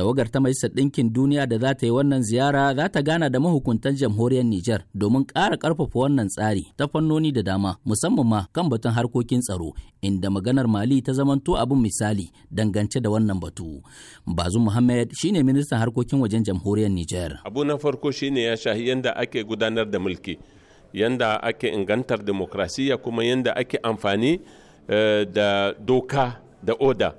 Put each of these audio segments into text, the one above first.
tawagar ta majalisar ɗinkin duniya da za ta yi wannan ziyara za ta gana da mahukuntan jamhuriyar Nijar domin ƙara ƙarfafa wannan tsari ta fannoni da dama musamman ma kan batun harkokin tsaro inda maganar Mali ta zamanto abin misali dangance da wannan batu. Bazu Muhammad shine ministan harkokin wajen jamhuriyar Nijar. Abu na farko shine ya shahi yadda ake gudanar da mulki, yadda ake ingantar demokrasiya kuma yadda ake amfani eh, da doka da oda.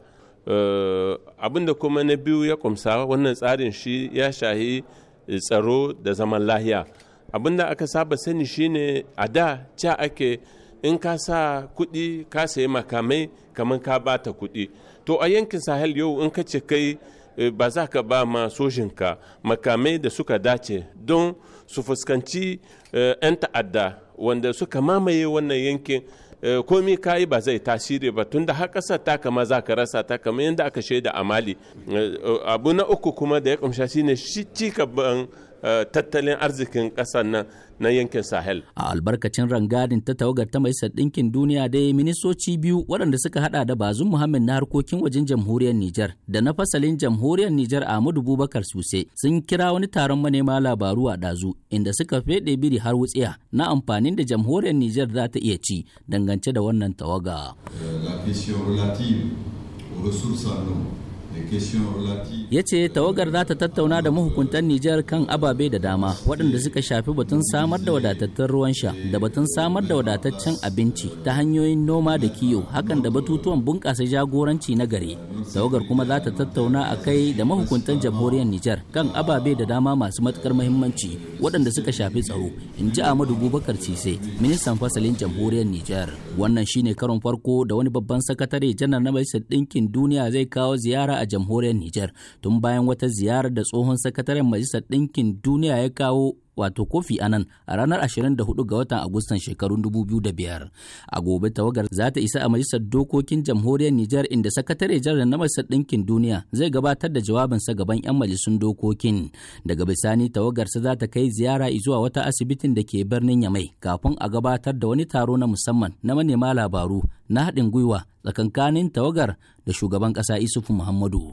Eh, abin kuma na biyu ya kumsa wannan tsarin shi ya shahi eh, tsaro da zaman lahiya abinda aka saba sani shine a da ca ake in ka sa kudi ka sayi makamai kamar ka bata kudi to a yankin sahel yau in ka ce kai eh, ba za ka ba ma sojinka makamai da suka dace don su fuskanci 'yan ta'adda wanda suka mamaye wannan yankin Eh, komi yi ba zai tasiri ba tunda har haƙasa ta kama za ka rasa ta kamar yadda aka shaida a mali eh, eh, abu na uku kuma da ya shi shine shi cikaban Eh, tattalin arzikin ƙasar nan na yankin sahel a albarkacin rangadin ta tawagar ta majalisar ɗinkin duniya dai ministoci biyu waɗanda suka hada da bazum muhammad na harkokin wajen jamhuriyar nijar da na fasalin jamhuriyar nijar ahmadu bubakar suse sun kira wani taron manema labaru a ɗazu inda suka fede biri har wutsiya na amfanin da jamhuriyar nijar za ta iya ci dangance da wannan tawaga euh, la question relative aux ressources en ya ce tawagar za ta tattauna da mahukuntan nijar kan ababe da dama waɗanda suka shafi batun samar da wadatattun ruwan sha da batun samar da wadataccen abinci ta hanyoyin noma da kiyo hakan da batutuwan bunƙasa jagoranci na gari tawagar kuma za ta tattauna a kai da mahukuntan jamhuriyar nijar kan ababe da dama masu matukar muhimmanci waɗanda suka shafi tsaro in ji amadu bubakar cise ministan fasalin jamhuriyar nijar wannan shine karon farko da wani babban sakatare janar na majalisar ɗinkin duniya zai kawo ziyara a jamhuriyar Nijar tun bayan wata ziyarar da tsohon sakataren Majalisar Ɗinkin Duniya ya kawo wato kofi anan a ranar 24 ga watan agustan shekarun 2005 a gobe tawagar za ta isa a majalisar dokokin jamhuriyar nijar inda sakatare janar na majalisar ɗinkin duniya zai gabatar da jawabinsa gaban 'yan majalisun dokokin daga bisani sa za ta kai ziyara zuwa wata asibitin da ke birnin yamai kafin a gabatar da wani taro na musamman na manema labaru na haɗin gwiwa tsakankanin tawagar da shugaban ƙasa isufu muhammadu